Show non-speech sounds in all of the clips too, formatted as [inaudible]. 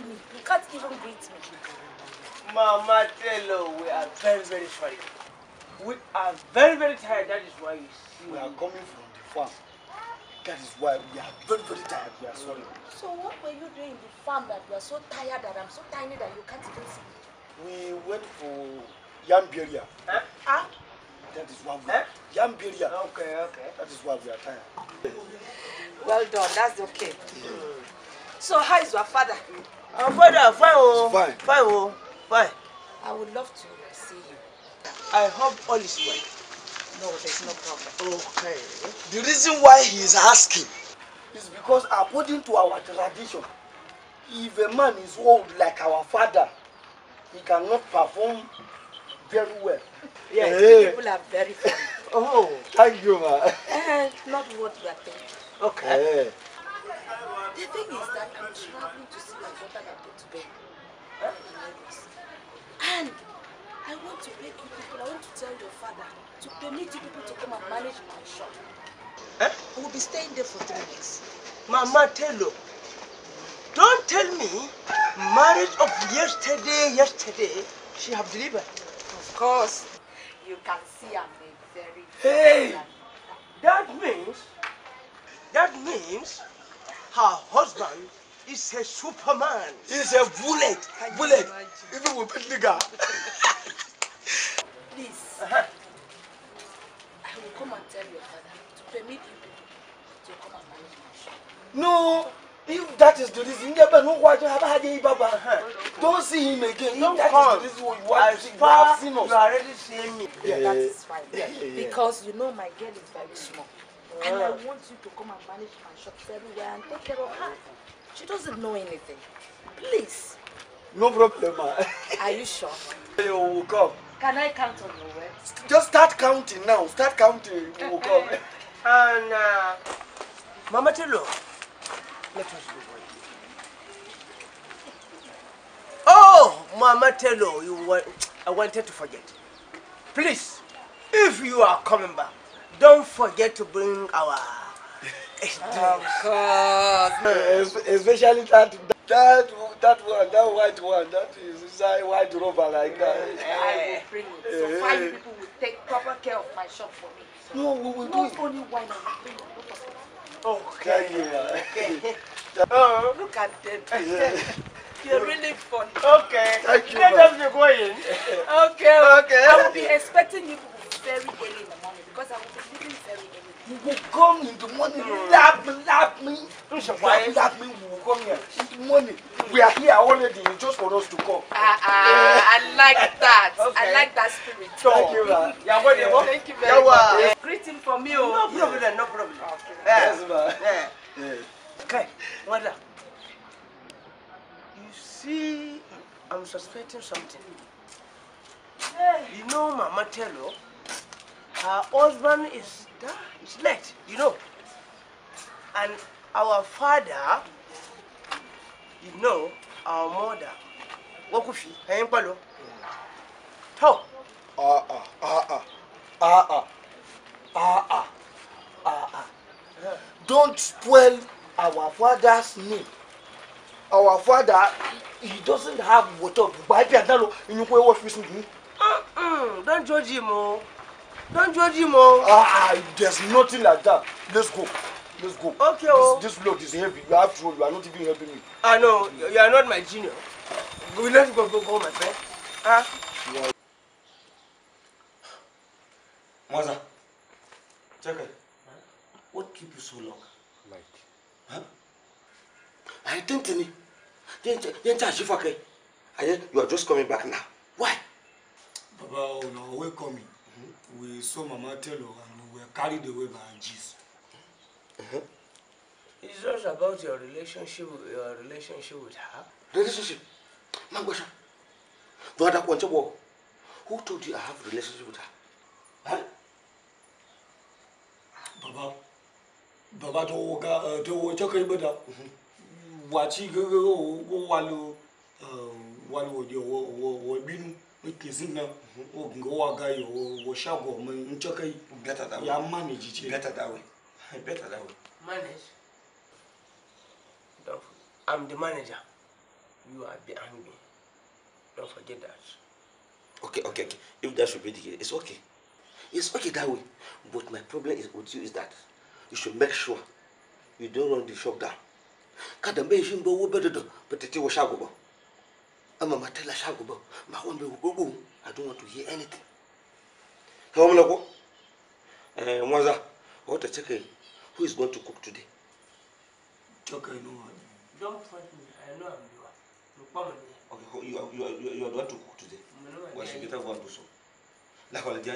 see me. He can't even greet me. Mama Tello, we are very, very sorry. We are very, very tired. That is why you see. We are coming from the farm. That is why we are very, very tired. We are sorry. So what were you doing in the farm that you are so tired that I'm so tiny that you can't even see me? We went for yam barrier. Huh? Huh? That is why we are. Huh? Yam Okay, okay. That is why we are tired. Well done. That's okay. Mm. So how is your father? I'm uh, brother, fine, oh. fine, fine, oh. fine. I would love to see you. I hope all is well. No, there's no problem. Okay. The reason why he is asking is because according to our tradition, if a man is old like our father, he cannot perform very well. Yes, hey. people are very funny. oh, thank you, ma. Uh, not what we are thinking. Okay. Hey. The thing is that I'm traveling to see my daughter that go to bed huh? And I want to beg you people, I want to tell your father to permit you people to come and manage my shop. Huh? Eh? We'll be staying there for three weeks. Mama Tello, don't tell me marriage of yesterday, yesterday, she have delivered. Of course. You can see I'm a very... Hey! That means... That means... her husband is a superman. He's a bullet. Can bullet. Even with big nigga. [laughs] Please. Uh-huh. I will come and tell your father to permit you to come and marry me. No. If that is the reason, never know why you have had a eh, baba. Uh-huh. Don't see him again. If Don't that come. is the reason why you have seen us. You are already seeing me. Yeah, yeah. that fine. Yeah. Yeah. Because you know my girl is very small. And I want you to come and manage my shops everywhere and take care of her. She doesn't know anything. Please. No problem, [laughs] Are you sure? You will come. Can I count on your words? Just start counting now. Start counting. You will come. [laughs] and, uh, Mama Tello. let us go. Oh, Mama Tello, you I wanted to forget. Please, if you are coming back, Don't forget to bring our Of course. Especially that that that one, that white one, that is inside white rover like that. Eh, eh, I will bring it. So eh. five people will take proper care of my shop for me. no, we will not do it. only one, Okay. Thank you. Okay. [laughs] oh, look at them. [laughs] You're really funny. Okay. Thank you. Let us be going. okay. Okay. I will be expecting you very early. Because You will come in the morning, mm. lap me, lap me. Why? Lap me, will come here. In We are here already, just for us to come. Ah, ah I like [laughs] that. I like that spirit. Thank you, man. Thank you very much. Yeah. Greeting from oh. you. No problem, no problem. Yes, man. Okay, mother. You see, I'm suspecting something. You know Mama Tello? her husband is, is dead, you know. And our father, you know, our mother, Wokufi, ah ah, ah ah ah ah ah ah ah ah. don't spoil our father's name. Our father, he doesn't have water. Bàbá ẹ̀bí àdánù, ìyókù ẹ̀wọ̀ fi sùn yìí. Don't judge him Oh. Don't judge him, oh. Ah, there's nothing like that. Let's go. Let's go. Okay, oh. This, this load is heavy. You have to roll. You are not even helping me. I ah, know. You are not my junior. We let's go, go, go, my friend. Ah. Mother, check it. Huh? What keep you so long? Like. Huh? Ah, I didn't tell you. Didn't, didn't I you are just coming back now. Why? Baba, oh no, welcome me we so mama tell her and we were carried away by Jesus. Uh-huh. It's just about your relationship, your relationship with her. Relationship? My question. The other one, who told you I have a relationship with her? Huh? Baba. Baba to woga eh, to wo chaka ibada. E mm-hmm. Wachi gogo wo walu eh, walu wo wo wo binu ikizina ogungowaga yo woshago mu nchokai better that way ya manage che better that way [laughs] better that way manage don't i'm the manager you are behind me don't forget that okay okay okay if that should be the case it's okay it's okay that way but my problem is with you is that you should make sure you don't run the shop down kada shimbo wo bedodo betete wo shago Mama tell a how go. My own will go. I don't want to hear anything. How eh, am I go? Mwaza, what a check. Who is going to cook today? Okay, no one. Don't frighten me. I know I'm you. No problem. Okay, you are, you are, you are, you the one to cook today. Why should [clears throat] you go one do so? Like all the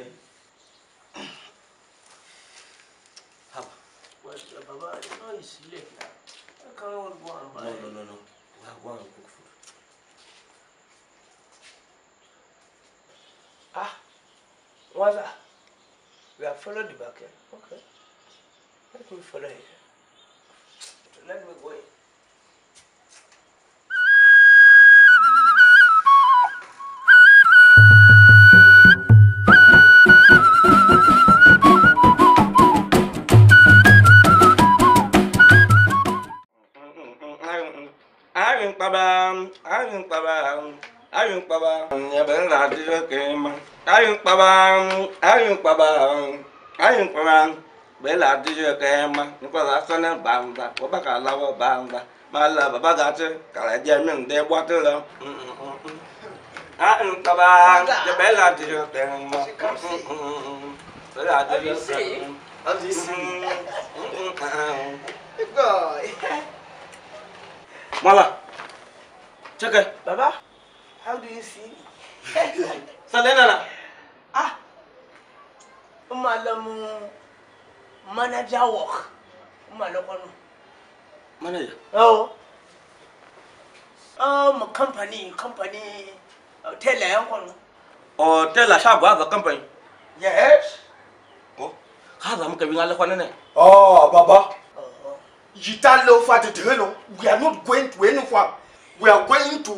How? Well, Baba, you know it's late now. I can't go and buy. No, no, no, no. Go and cook What's that? We have followed the back end. Okay. Let me follow it. Let me go in. I've been, I've been, I've been, ayun kpaba nyɛbɛ la adiɛ kɛma ayun kpaba ayun kpaba ayun kpaba bɛ la adiɛ kɛma nkɔla sɔnɛ bamba o ba ka labɔ bamba ma la baba gati kala jɛ min de bɔti la ayun kpaba nyɛbɛ la adiɛ kɛma bɛ la adiɛ kɛma. Mala, bye Baba. How do you see me? Sàlẹ̀ Ah, ó máa lọ manager work, ó máa lọ kọ́nù. Manager? Ọ́ ọmọ company company tẹ́lẹ̀ ẹ̀ ń kọ́nù. Ọ̀ tẹ́lẹ̀ ṣáàbù the company. Yes. Oh. hàzà mú kẹ́bí ń alẹ́ kọ́ nínú ẹ̀. Ọ̀ bàbá. Yìí tá ló fa tètè rẹ̀ we are not going to any farm, we are going to.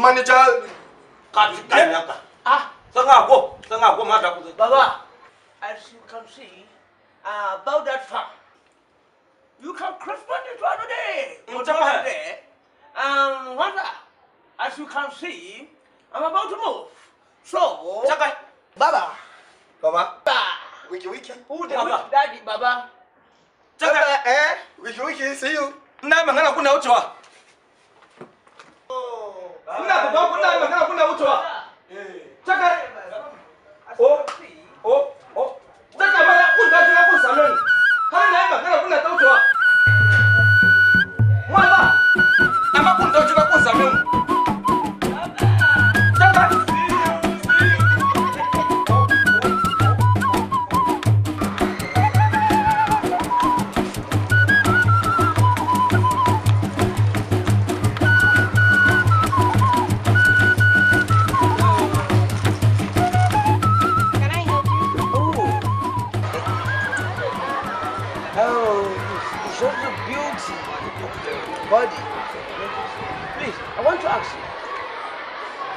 管理者，咖啡厅老板。啊，刚刚我，刚刚我妈打过爸爸，As you can see, about that far, you can crosswind it one a y One day, um, what? As you can see, I'm about to move. So, 爸爸，爸爸，爸 w i c h w e k e o 爸爸，Daddy, 爸爸。爸爸，哎 w i c h w e k e See you. 那么，那我不能走啊。kuna babban kuna magana kuna wucewa cakar o o o zaka baya kun jira kun salon har na yi magana kuna ta wucewa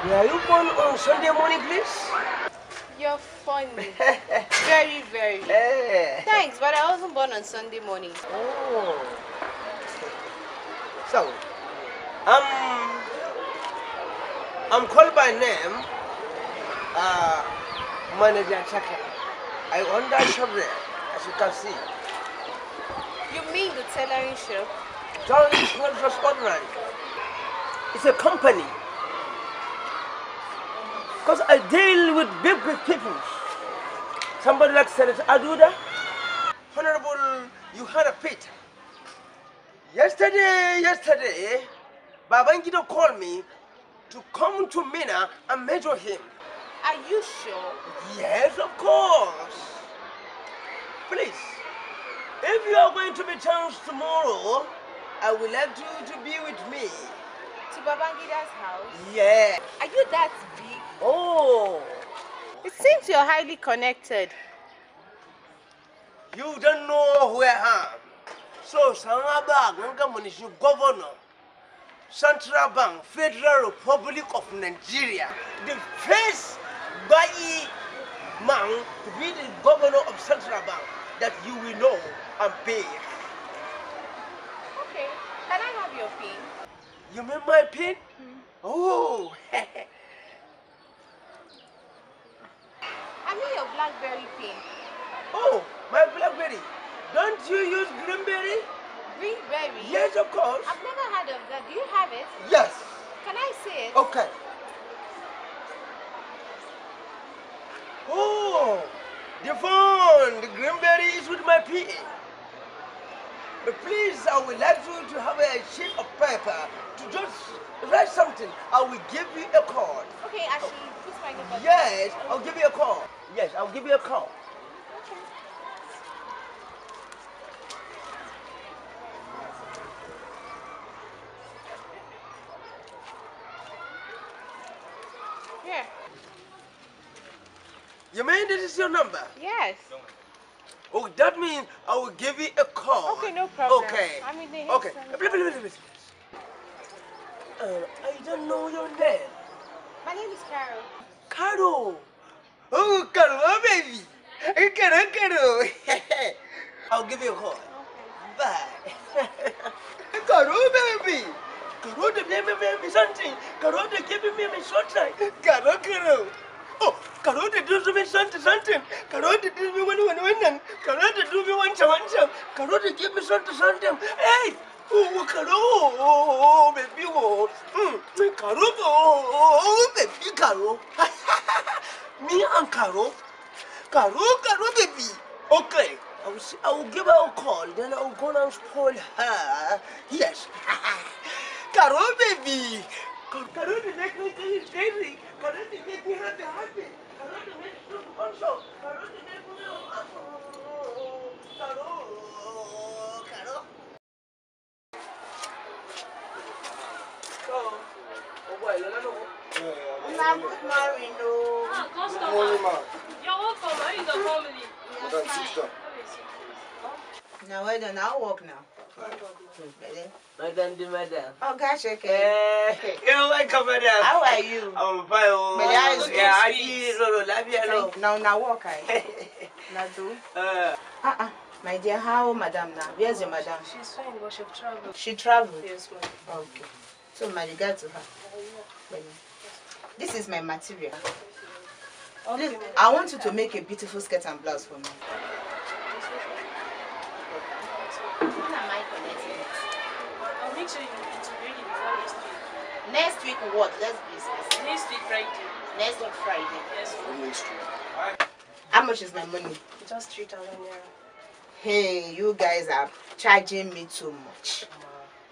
Are you born on Sunday morning, please? You're funny. [laughs] very, very. Thanks, but I eh. wasn't born on Sunday morning. Oh. So, um, I'm called by name uh, Manager Chaka. I own that shop there, as you can see. You mean the tailoring shop? Tailoring is not just ordinary. It's a company. Because I deal with big, big people. Somebody like Senator Aduda. Honorable Yohana Peter. Yesterday, yesterday, Babangida called me to come to Mina and measure him. Are you sure? Yes, of course. Please, if you are going to be challenged tomorrow, I would like you to be with me. To Babangida's house? Yeah. Are you that big? Oh. It seems you're highly connected. You don't know where I am. So, Sanabag, is your governor, Central Bank, Federal Republic of Nigeria, the first Bayi man to be the governor of Central Bank that you will know and pay. Okay, can I have your pin? You mean my pin? Mm. Oh, [laughs] I mean your blackberry pin. Oh, my blackberry. Don't you use greenberry? Greenberry? Yes, of course. I've never heard of that. Do you have it? Yes. Can I see it? Okay. Oh, the phone, the greenberry is with my pin. Please, I would like you to have a sheet of paper to just write something. I will give you a card. Okay, I should put my number. Yes, I'll give you a call. Yes, I'll give you a call. Okay. Here. You mean this is your number? Yes. Oh, that means I will give you a call. Okay, no problem. Okay. I mean, they okay. Uh, I don't know your name. My name is Carol. Carol. Oh, hello, baby. Hello, hello. I'll give you a call. Bye. Hello, baby. Garoto gave me something. Garoto gave me something. Garoto. Oh, Garoto do me something, something. Garoto do me one, one, one. Garoto do me one, one, one. Garoto give me something, something. Hey! Oh, Garoto, oh, baby, oh. Garoto, oh, baby, Garoto. me and Caro, Caro, Caro, baby. Okay, I will, I will give her a call, then I will go and spoil her. Yes. Caro, baby. Caro, you make me feel crazy. Caro, you make me happy, happy. Caro, you make me also. Caro, you make me also. Caro. Caro. So, oh boy, Now wait on, I'll walk now. Madam, do madam. Oh gosh, okay. you're welcome, madam. Oh, how are you? I'm fine. Oh, madam, yeah, I did. No, no, let alone. Now, now walk, I. [laughs] now do. Uh uh. -uh. My dear, how madam now? Where's your madam? She's fine, but she traveled. She traveled? Yes, ma'am. Okay. So my regards to her. Uh, yeah. This is my material. I want you to make a beautiful skirt and blouse for me. When am I connecting I'll you next week. what? Let's be Next week Friday. Next week Friday. Yes. Next How much is my money? Just 3,000 naira. Hey, you guys are charging me too much.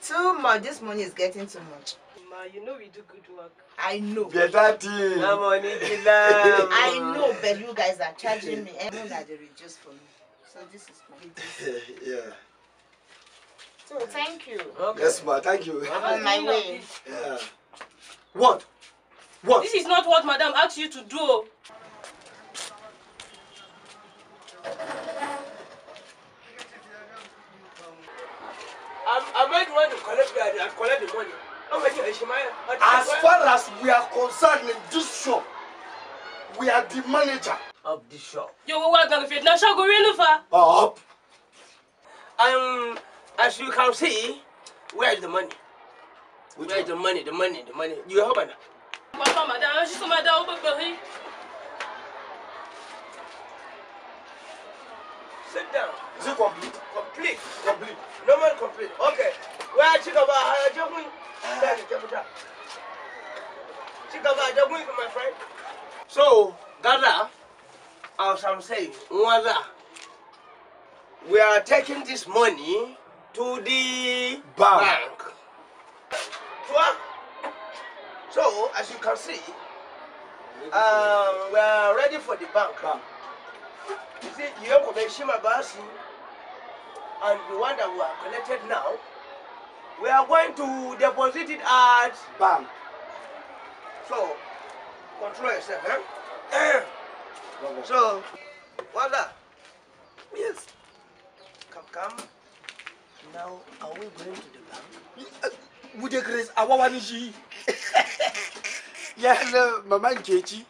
Too much. This money is getting too much. ma you know we do good work. I know. Better thing. I'm [laughs] I know, but you guys are charging me. I know that they reduce for me. So this is my. [laughs] yeah. So thank you. Okay. Yes, ma. Thank you. I'm on my way. Yeah. What? What? This is not what Madam asked you to do. the manager of the shop. Yo, what kind of Now, shall we really far? Up. Um, as you can see, where is the money? Which where is the money? The money, the money. You help me now. Sit down. Is it complete? Complete. Complete. No man complete. Okay. Where are Chikaba? How are you Chikaba, ah. my friend. So, gather, as I'm saying, mother, we are taking this money to the bank. bank. So, as you can see, um, we are ready for the bank. bank. You see, Yoko Benshima Basi and the one that we are collected now, we are going to deposit it at bank. So, control yourself, eh? so, Wanda, yes, come, come. Now, are we going to the bank? With uh, the grace, Awawaniji. [laughs] Yes, Mama Nkechi.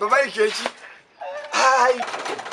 Mama Nkechi. Hi.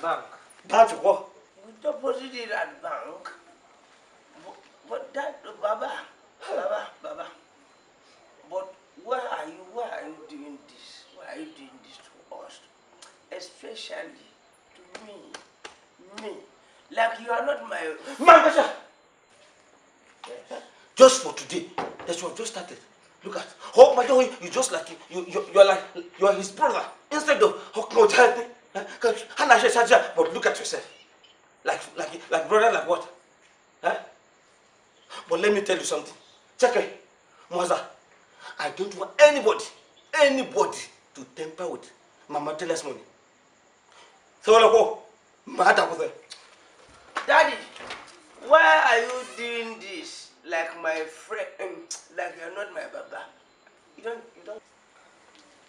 bank. That's what? We deposited at bank. But that, Baba, Baba, Baba. But why are you, why are you doing this? Why are you doing this to us? Especially to me, me. Like you are not my... Master! Yes. Just for today, that's what just started. Look at, oh my God, you just like, you, you, you're like, you're his brother. Instead of, oh God, help me. But look at yourself. Like, like, like brother, like what? Huh? But let me tell you something. Check it. Mwaza, I don't want anybody, anybody to temper with Mama Tella's money. So, like, oh, mad up there. Daddy, why are you doing this? Like my friend, um, like you're not my baba. You don't, you don't.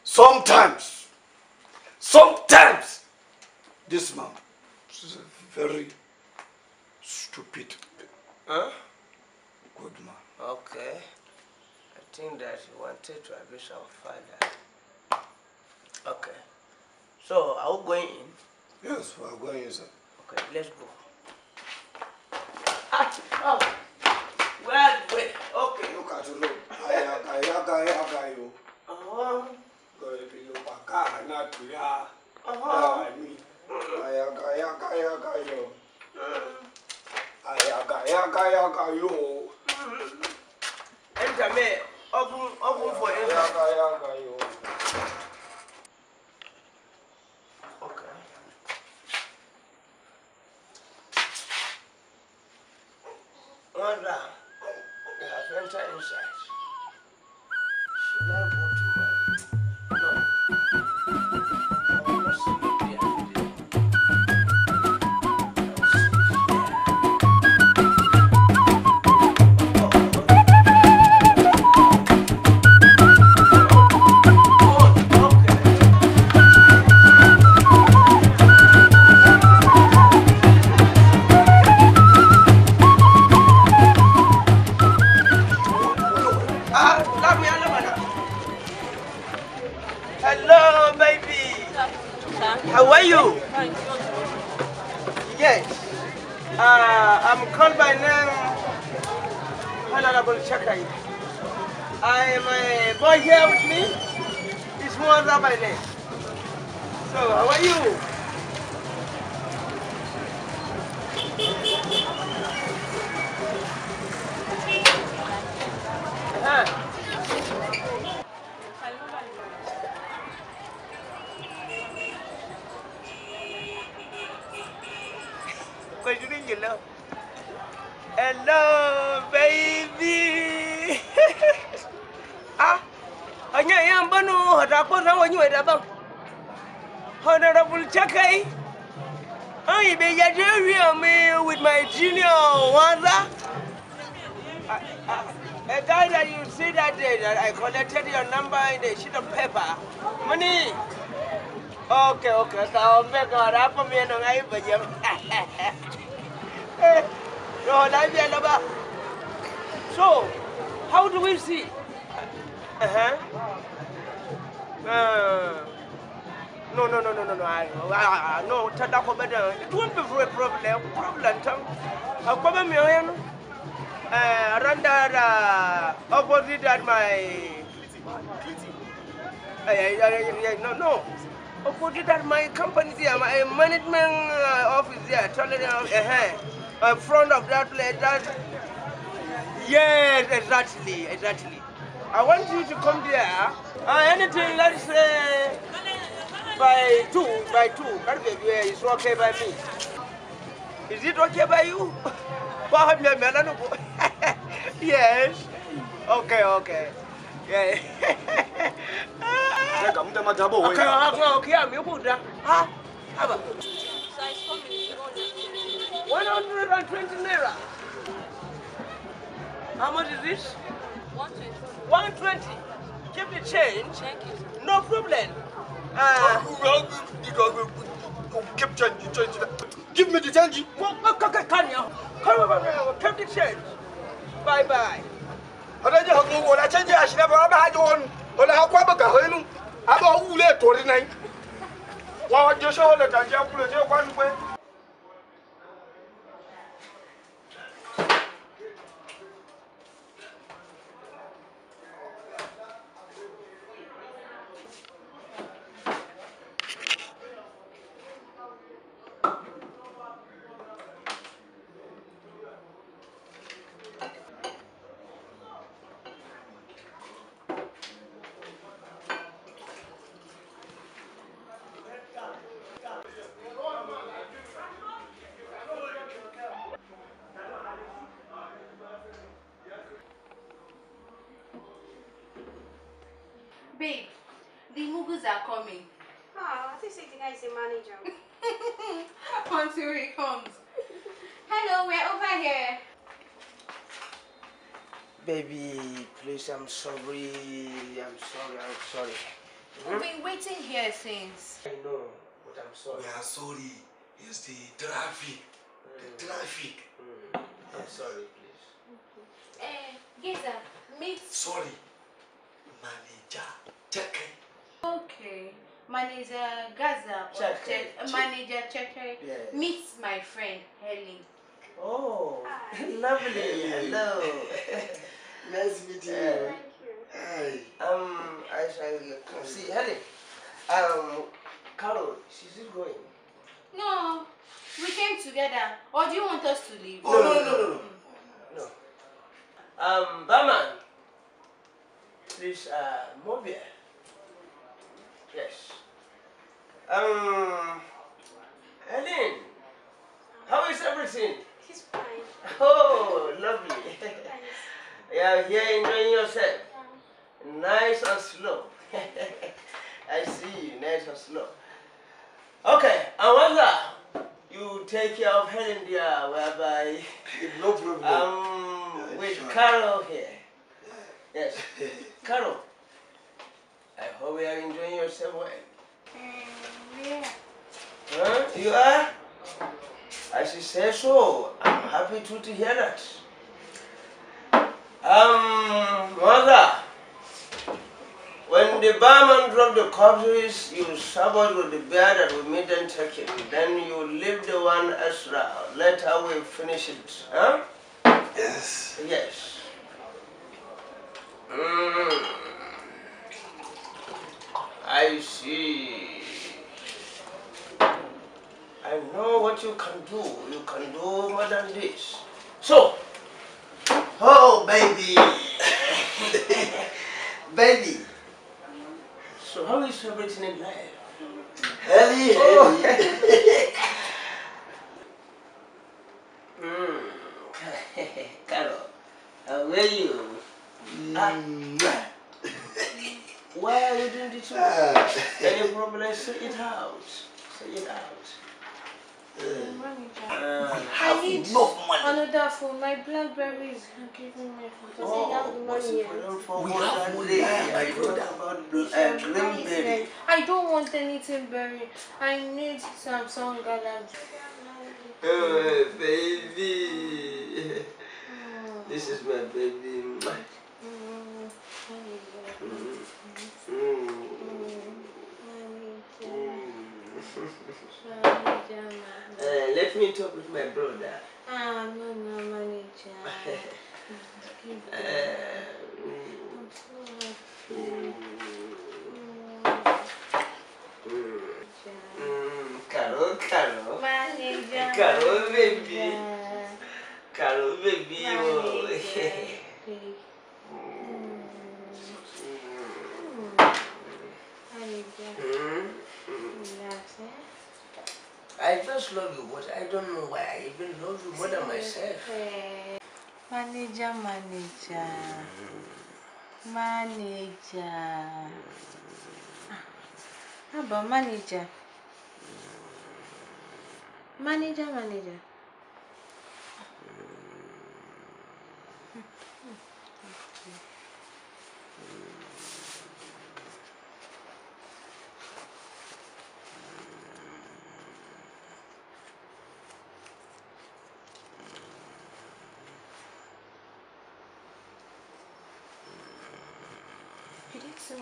Sometimes, sometimes This man is a very stupid. Huh? Good man. Okay. I think that he wanted to abuse our father. Okay. So, are we going in? Yes, we are going in, sir. Okay, let's go. Ah, oh. Well, wait. Okay. Look at the road. Ayaga, yaga, yaga, yo. Oh. Uh-huh. Go to your bacana, ah, to ya. Uh-huh. Yeah, I mean. Ayakayakayo. Ayakayakayo. Enter me. Open, open for enter. Ayakayakayo. Okay. Mother, you have entered inside. Uh, no, no, no, no, no, no. I, I, I no, tada ko beda. It won't be for a problem. Problem tam. Akwaba uh, mi oyen. no. around that uh, opposite at my. Uh, eh, yeah, yeah, yeah, yeah, no, no. Opposite at my company there, my management uh, office there, toilet, uh, eh, eh, uh, in front of that place. That. Yes, exactly, exactly. I want you to come there. Uh, anything, let's say, by two, by two, it's uh, okay by me. Is it okay by you? [laughs] [laughs] yes. Okay, okay. Yeah. [laughs] okay, okay, okay, I'm your Buddha. Huh? Have a. 120 naira. How much is this? 120. 120. Keep the change. No problem. Uh, keep change, change. Give me the change. Come over, keep the change. Bye bye. Ọlọ́jọ́ ọ̀gbìn wò la change àṣìlẹ̀ bọ̀ ọba àjọ wọn ọ̀là akọ àbọ̀gà hẹ́nu àbọ̀ wúlẹ̀ torí náà. Wọ́n jẹ́ sọ́wọ́ lẹ̀ tàjẹ́ kúlẹ̀ Babe, the Mughals are coming. Oh, I think the guy is the manager. [laughs] Until he comes. Hello, we're over here. Baby, please, I'm sorry. I'm sorry, I'm sorry. We've been waiting here since. I know, but I'm sorry. We are sorry. It's the traffic. Mm. The traffic. Mm. I'm sorry, please. Okay. Uh, eh, Geza, meet. Sorry manager. Cheke. Okay. Manager Gaza or che che manager Cheke yes. meets my friend Helen. Oh, Hi. [laughs] lovely. Hello. [laughs] nice meeting you. Thank you. Hi. Um, I shall come see Helen. Um, Carol, she's still going. No, we came together. Or do you want us to leave? Oh, no, no, no, no. No. no. Um, Baman this uh, movie. Yes. Um, Helen, how is everything? He's fine. Oh, lovely. [laughs] yeah, here enjoying yourself. Yeah. Nice and slow. [laughs] I see you, nice and slow. Okay, and what's that? You take care of Helen there, whereby. [laughs] no problem. Um, with Carol here. Yes. Carol, I hope you are enjoying yourself well. Eh, yeah. Huh? You are? I should say so. I'm happy too to hear that. Um, mother, when the barman dropped the corpses, you suffered with the bear that we made and take it. Then you leave the one extra. Later we finish it. Huh? Yes. Yes. I see. I know what you can do. You can do more than this. So, oh baby, [laughs] baby. So how is everything in life? Heavy, oh. heavy. [laughs] mm. [laughs] Carol, how are you? Why are you doing this to me? Ah. Any problem, I say it out. Say it out. Uh, uh, I need another phone. My BlackBerry is giving me a phone because oh, I have money. we have money. I know About the, uh, I don't want anything berry. I need Samsung Galaxy. Oh, baby. [laughs] This is my baby. finish. Eh, uh, let me talk with my brother. Ah, no, no, manager. [laughs] Eh, mm, mm, mm, Carol, Carol. Manager. Carol, baby. Carol, baby. Oh. Manager. [laughs] Manager. I just love you, but I don't know why I even love you more than myself. Eh, manager, manager. Manager. Ah, how about manager? Manager, manager.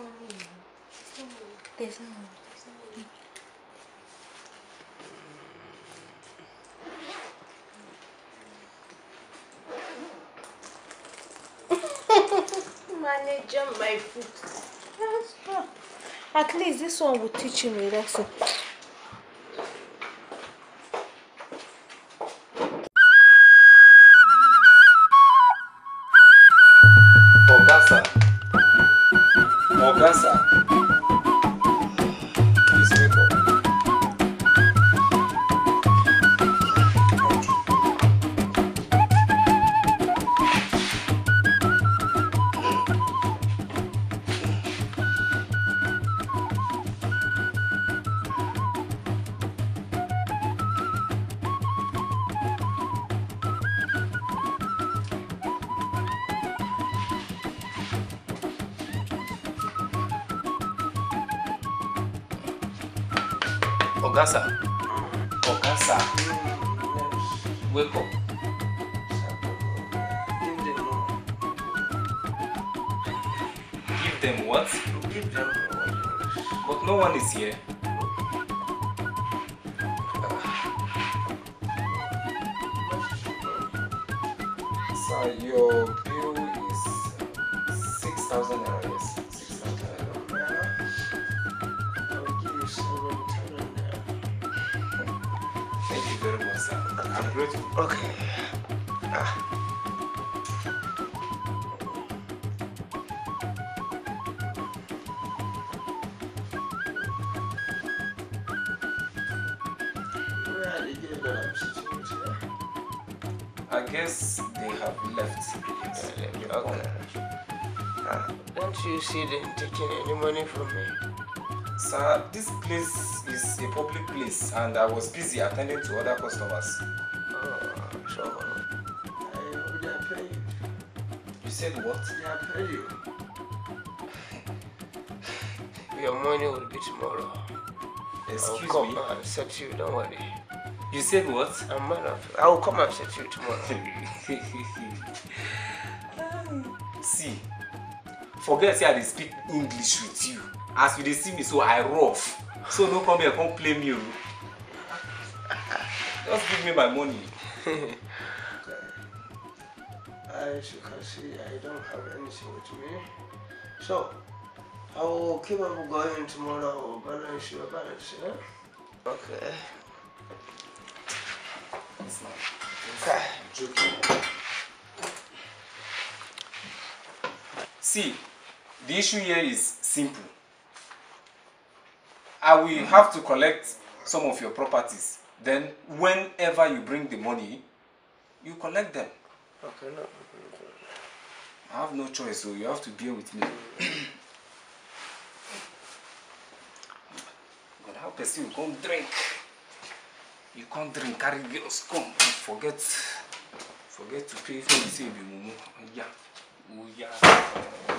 There's [laughs] no room. There's no room. Manager, my foot. At least this one will teach him a lesson. give them what? But no one is here. Uh, Sayo you she didn't take any money from me? Sir, this place is a public place and I was busy attending to other customers. Oh, sure. I, they are paying you. You said what? I are paying you. Your money will be tomorrow. Excuse I'll come me? and set you, don't worry. You said what? I'm man of, I'll come and set you tomorrow. [laughs] See, forget say i dey speak english with you as you see me so i rough so no come here come play me oh. [laughs] just give me my money. Okay. as you can see i don't have anything with me so i will keep on going tomorrow i will balance your balance yeah? okay it's not okay. joking see The issue here is simple. I will mm -hmm. have to collect some of your properties. Then whenever you bring the money, you collect them. Okay, no. I have no choice, so you have to deal with me. God help us, you can't drink. You can't drink, carry girls, come, forget. Forget to pay for the same, Mumu. Yeah. Oh, yeah.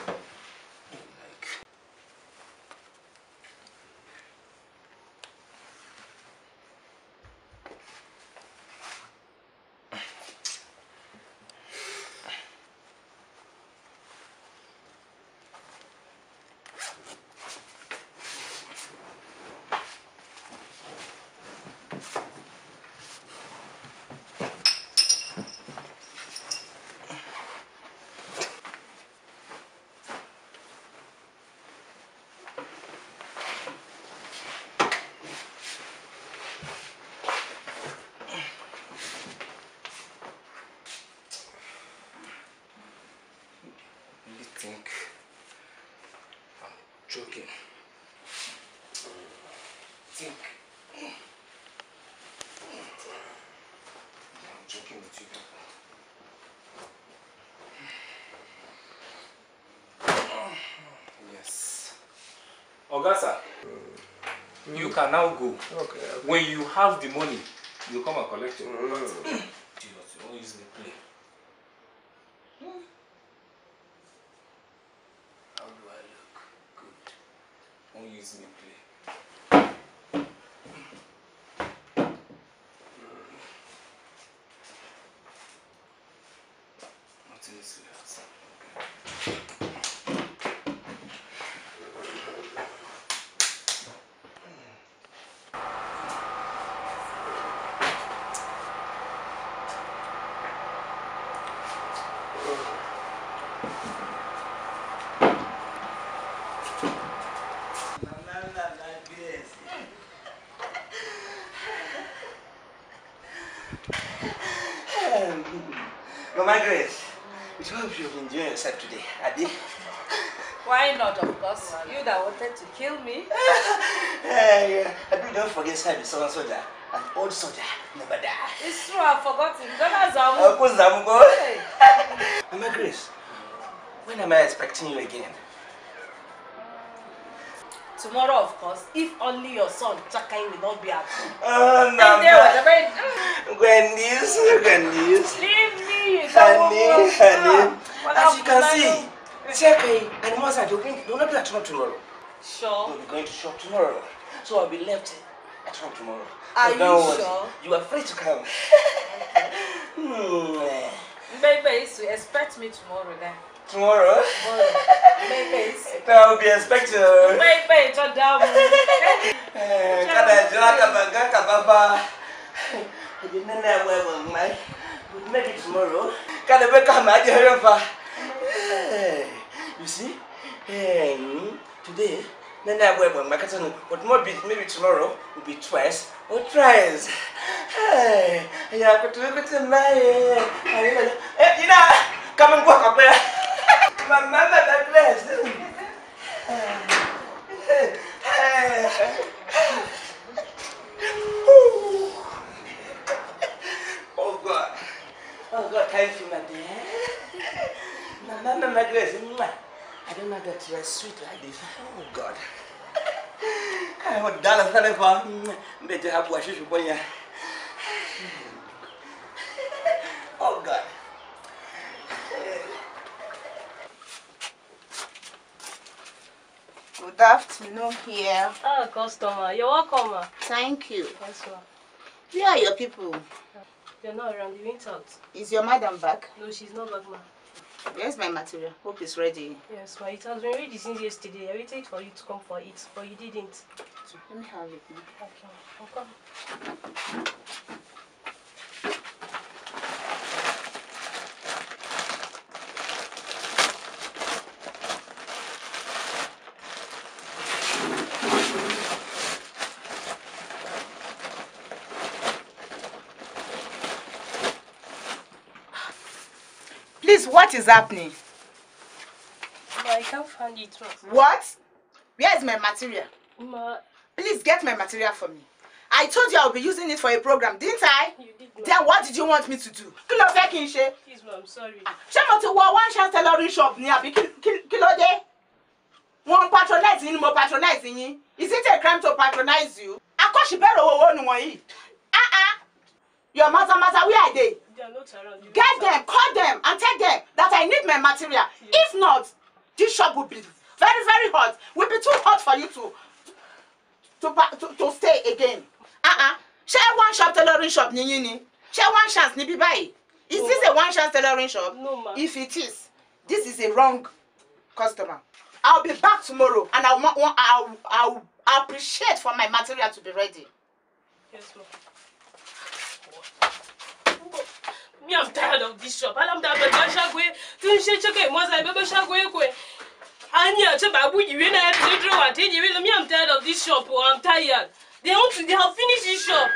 choking. Think. I'm joking with you Yes. Ogasa, mm. you can now go. Okay, okay. When you have the money, you come and collect it. Mm. no No enjoy yourself today, Adi. [laughs] Why not, of course? You that wanted to kill me. hey, [laughs] eh, yeah. Adi, don't forget Sabi, so and soldier. An old soldier, never die. It's true, I've forgotten. Don't ask Zamu. Am [laughs] Mama Grace, when am I expecting you again? Tomorrow, of course, if only your son Chakai will not be at home. Oh, no. Gwendy's, Gwendy's. Leave me. Honey, honey. Ah. As you can see, check animals are joking. They will not be at home tomorrow. Sure. They'll be going to shop tomorrow. So I'll be left at home tomorrow. Are but you sure? You are free to come. hmm. Maybe so expect me tomorrow then. Tomorrow? Tomorrow. Maybe. [laughs] will be expecting. Maybe, it's down. Eh, Kada jira kabanga kababa. [laughs] Ibi nene wewe mwe maybe tomorrow. Can I come at your You see? Hey, today, then I wear my curtain. What more maybe tomorrow will be twice or oh, thrice. Hey, yeah, but we could my you know, come and walk up there. My mama, that place. that you are sweet like this. Oh, God. Dala sale kwa mbete hapo ashushu ponya. Oh God. Good afternoon here. Ah, customer. You're welcome. Thank you. Yes, ma'am. Where are your people? They're not around. They went out. Is your madam back? No, she's not back, ma'am. Where's my material? Hope it's ready. Yes, well, it has been ready since yesterday. I waited for you to come for it, but you didn't. Let me have it Okay, I'll come. what is happening? Ma, I can't find it. What? Where is my material? Ma. Please get my material for me. I told you I'll be using it for a program, didn't I? You did not. Then what did you want me to do? Kilo, ló fẹ́ kí n ṣe? Please, ma'am, sorry. Ṣé mo ti wọ one chance tailoring shop ni àbí kí ló dé? Wọ́n patronize you, ni mo patronize yín. Is it a crime to patronize you? Akọ́ṣibẹ̀rẹ̀ owó ni wọ̀nyí. Ah ah! Your mother, mother, where are they? Get them, call them, and tell them that I need my material. Yes. Hmm. If not, this shop will be very, very hot. Will be too hot for you to to to, to stay again. Uh-uh. Share one shop tailoring shop ni ni ni? Share one chance ni bí báyìí? Is no, this a one chance tailoring shop? No, ma. If it is, this is a wrong customer. I'll be back tomorrow and I'll, I'll, I'll, I'll appreciate for my material to be ready. Yes, ma'am. Me, I'm tired of this shop. I'm da bẹ̀rẹ̀ ṣàgbé tí ń ṣe ṣẹ́kẹ̀ ìmọ̀ọ́sà ìbẹ́bẹ́ ṣàgbé èkó ẹ̀. A ní àti bàbú ìwé náà ẹ̀ ti dúró wà Me, I'm tired of this shop. Oh, I'm tired. They want to, they have finished this shop.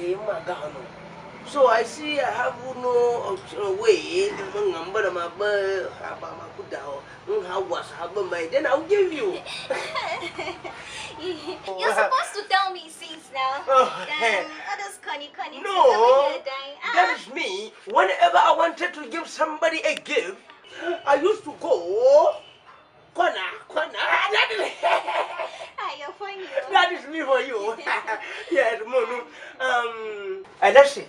magano. So I see I have no uh, way, but my bird, mm, was then I'll give you. [laughs] [laughs] You're supposed to tell me things now. [laughs] Oh, then others connie connie. No, ah. that is me. Whenever I wanted to give somebody a gift, I used to go corner, corner. for you. [laughs] That is me for you. [laughs] [laughs] yes, Monu. Um, and that's it.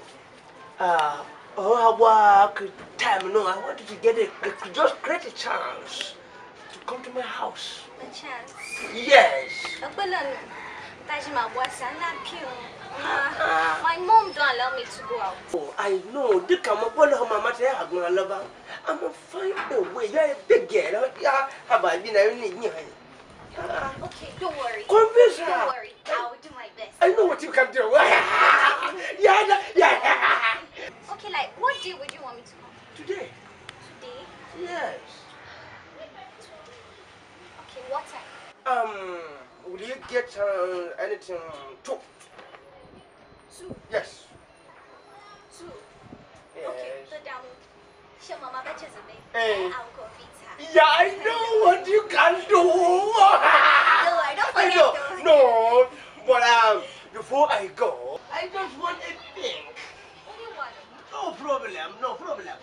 Uh, oh, I work time. No, I wanted to get a, a just create a chance to come to my house. A chance? Yes. Uh, my mom don't allow me to go out. Oh, I know. They come up all her mama mother? I'm gonna love I'm gonna find a way. You're a big girl. Yeah, how about you? Ah, I need you. Uh, okay, don't worry. Conversa. Don't worry. I'll do my best. I know what you can do. [laughs] yeah, yeah. okay, like, what day would you want me to come? Today. Today? Yes. Okay, what time? Um, will you get uh, anything? Two. Two? Yes. Two? Yes. Okay, sit down. Show mama batches of me. Hey. I'll go feed. Yeah, I know what you can do. no, I don't want I know. To. No, but um, before I go, I just want a thing. What do you want? No problem, no problem.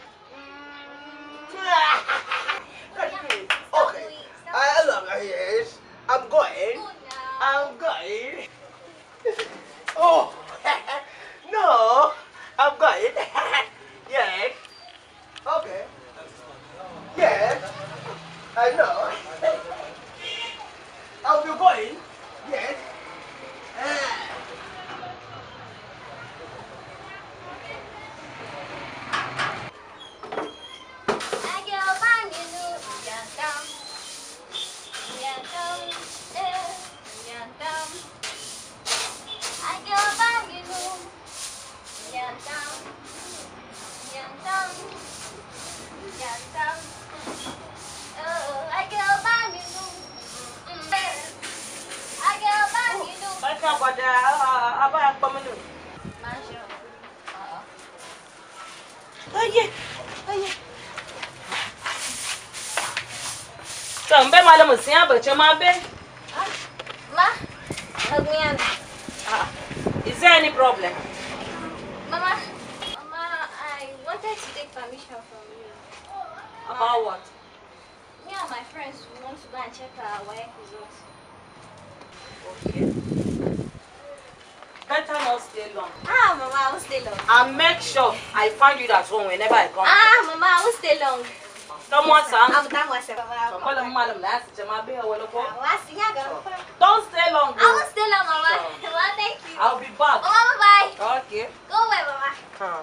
Okay. I love it. Yes. I'm going. I'm going. Oh. no. I'm going. Oh. [laughs] [laughs] yes. Okay. Yes. I know. sin abacha ma be. Ma, help me Ah, is there any problem? Mama, Mama, I wanted to take permission from you. About um, what? Me and my friends want to go and check our work results. Okay. Better not stay long. Ah, Mama, I won't stay long. And make sure I find you that home whenever I come. Ah, Mama, I won't stay long. Someone, yes, sir. I'm done myself wala mmalum na asịcha ma bịa ah, wala kwọ ah, ah, don't stay long i will stay long mama so, [laughs] mama thank you i'll be back Oh, bye okay go away mama huh.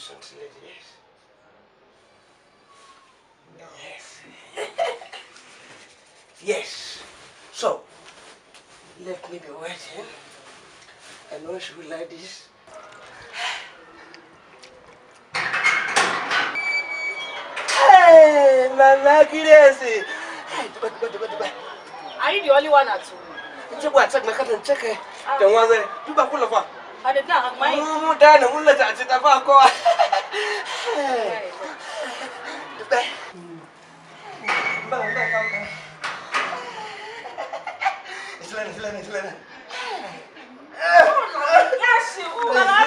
something like No. Yes. [laughs] yes. So, let me be waiting. And once you like this, Hey, Mama Kiresi. Hey, dubai, dubai, dubai, dubai. Are you the only one at home? Check what, check my cat and check it. Then what's it? Dubai, pull up. ada dah mai. Oh, mudah, dah nak mula tak cerita apa aku. [laughs] Bang, bang, bang. Selena, selena, selena. Ya, si Ugalah.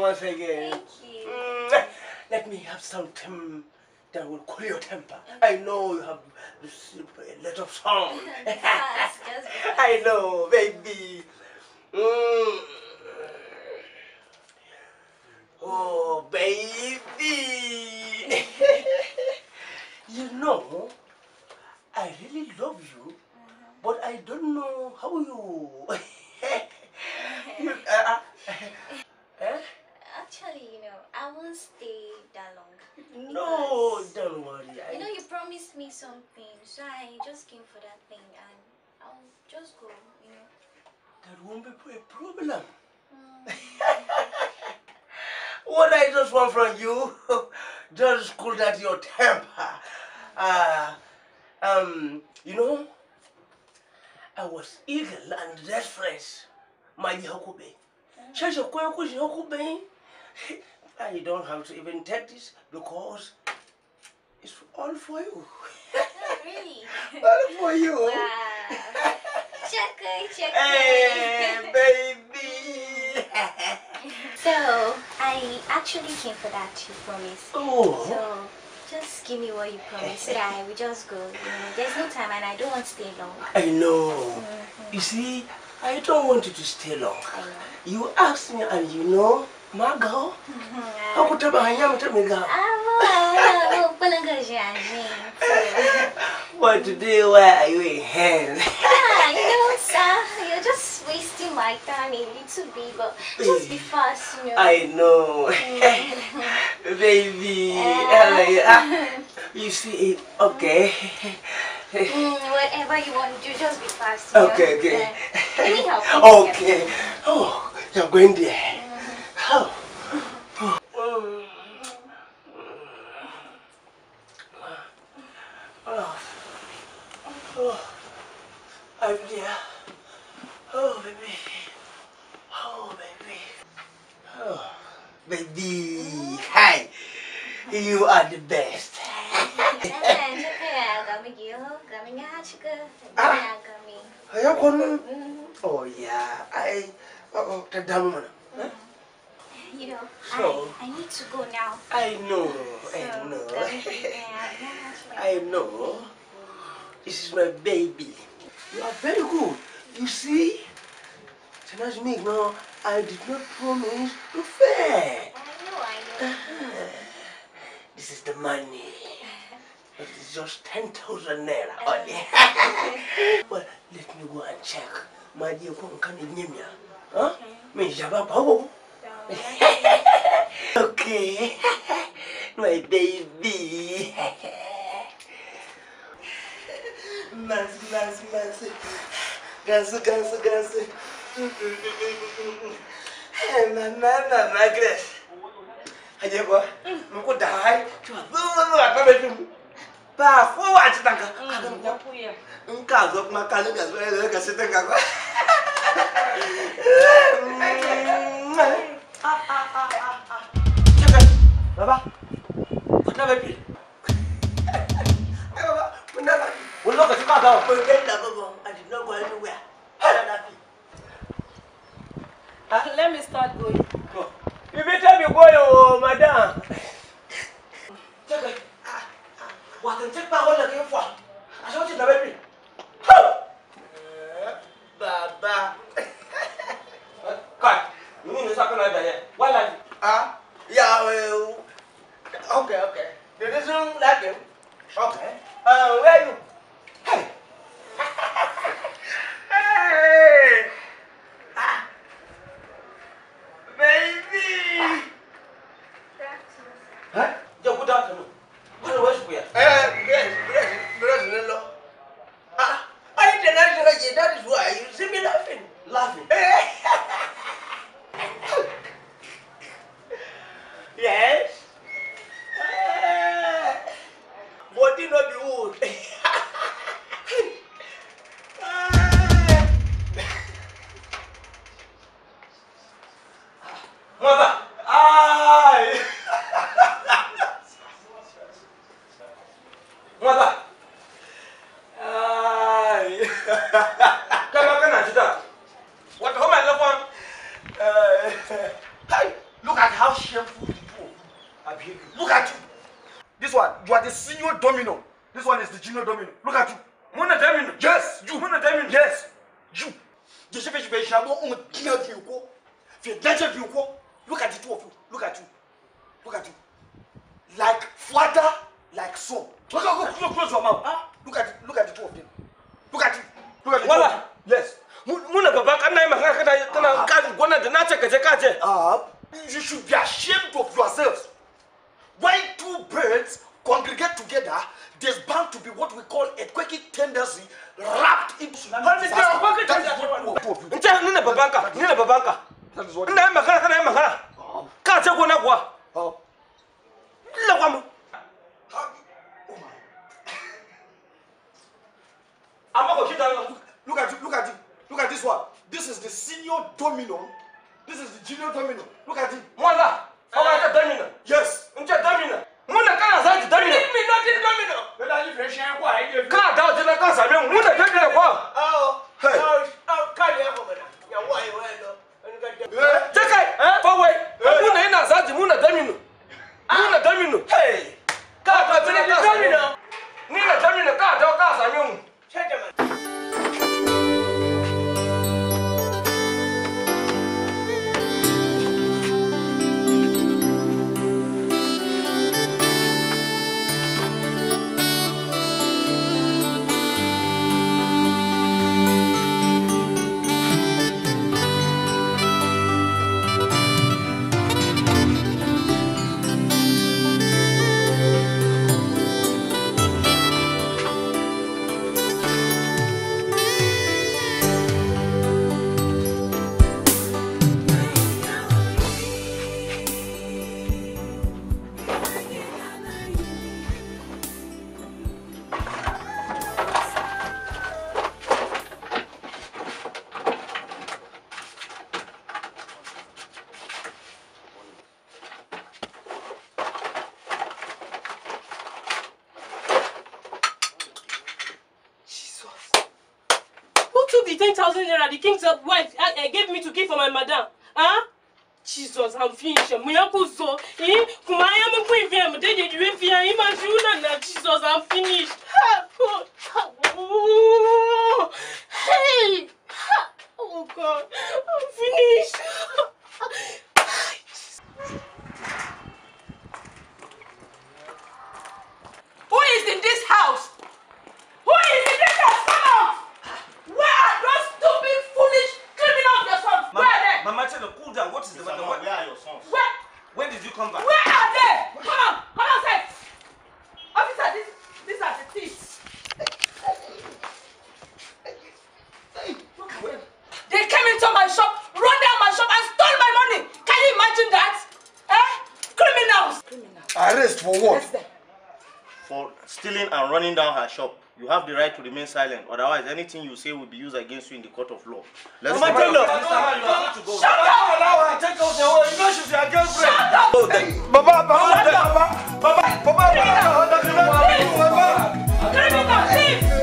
once again. Thank you. Mm, [laughs] let me have something that will cool your temper. I know you have a lot of songs. [laughs] [laughs] yes, yes, I know, baby. Mm. Oh, baby. you know, I really love you, mm-hmm. but I don't know how you... you uh, uh I won't stay that long. No, don't worry. I... You know, you promised me something, so I just came for that thing and I'll just go, you know. That won't be a problem. Mm. [laughs] what I just want from you, [laughs] just cool that your temper. Uh, um, you know, I was eager and desperate. My Yahoo Bay. Mm. Church [laughs] And you don't have to even take this because it's all for you. [laughs] really? [laughs] all for you. Wow. chocolate, chocolate. Hey, baby. [laughs] so, I actually came for that you promised. Oh. So, just give me what you promised guy. we just go. You know, there's no time and I don't want to stay long. I know. Mm -hmm. You see, I don't want you to stay long. You asked me and you know, magaho akutaba hanya mutamega what to do why are you in hell yeah, you know sir you're just wasting my time a little bit but just be fast you know i know mm. [laughs] baby uh, [laughs] you see it okay mm, whatever you want to do just be fast okay know? okay anyhow [laughs] okay oh you're going there Oh. oh. Oh. Oh. Oh, Oh, baby. Oh, baby. Oh, baby. Hi. You are the best. ah, ayaw ko nun. Oh, yeah. I oo, oh, oh, tagdamo mo na. Huh? you know, so, I, I need to go now. I know, so, I know. I know. This is my baby. You are very good. You see? Tonight me, no, I did not promise to fail. I know, I know. [laughs] This is the money. It is just 10,000 naira uh-huh. only. [laughs] well, let me go and check. My dear, come and come in here. Ah. Huh? Me, Jabba, [laughs] okay, [laughs] my baby. No, no, no, no, no, no, Nancy, Nancy, Nancy. Gansu, Gansu, Gansu. Mama, Mama, Grace. Ajebo, muku dahai. Cuma tuh, apa betul? ba kowa a cikin ka in ka zo kuma ka liga zuwa ka sitin ka kwa Baba, kunna baby. What Baba, kunna baby. Wani lokaci ka gawa? Kun kai da babu, I did not go anywhere. Uh, let me start going. You better be going, madam. Check it. What the check power looking for? congregate together, there's bound to be what we call a quaking tendency wrapped in tsunami disaster. That is what it is. Oh. Oh. oh [laughs] look at you, look at you, look at this one. This is the senior domino. This is the junior domino. Look at it. Mother, how about the domino? Yes. Into domino muna kana za ki dare mi no din do da ji fresh yan kwa ai ka da ji na ka same mu muna da da kwa awo awo ka ya ko bana ya wa ai wa no Jẹ́kẹ̀ ẹ́ fọwọ́ ẹ̀ múnà iná àzájì múnà dẹ́mìnù múnà dẹ́mìnù káàkiri dẹ́mìnù múnà dẹ́mìnù káàdọ́ káàsàmíhùn. took the 10,000 naira the king's wife uh, uh, gave me to keep for my madam. Huh? Jesus, I'm finished. My uncle so, eh? Kuma I am queen via me. They did via him as you know. Jesus, I'm finished. Oh, hey, oh God, I'm finished. Who is in this house? down. What is the matter? Where, where are your sons? Where? When did you come back? Where are they? Come on, come outside. Officer, this, these are the thieves. They came into my shop, run down my shop, and stole my money. Can you imagine that? Eh? Criminals. Criminals. Arrest for what? For stealing and running down her shop you have the right to remain silent. Otherwise, anything you say will be used against you in the court of law. Let's Mama, tell them. Shut up! Take off the wall. You know she's your girlfriend. Shut up! Baba, Baba, Baba, Baba, Baba, Baba, Baba, Baba, Baba, Baba, Baba, Baba, Baba, Baba, Baba, Baba, Baba,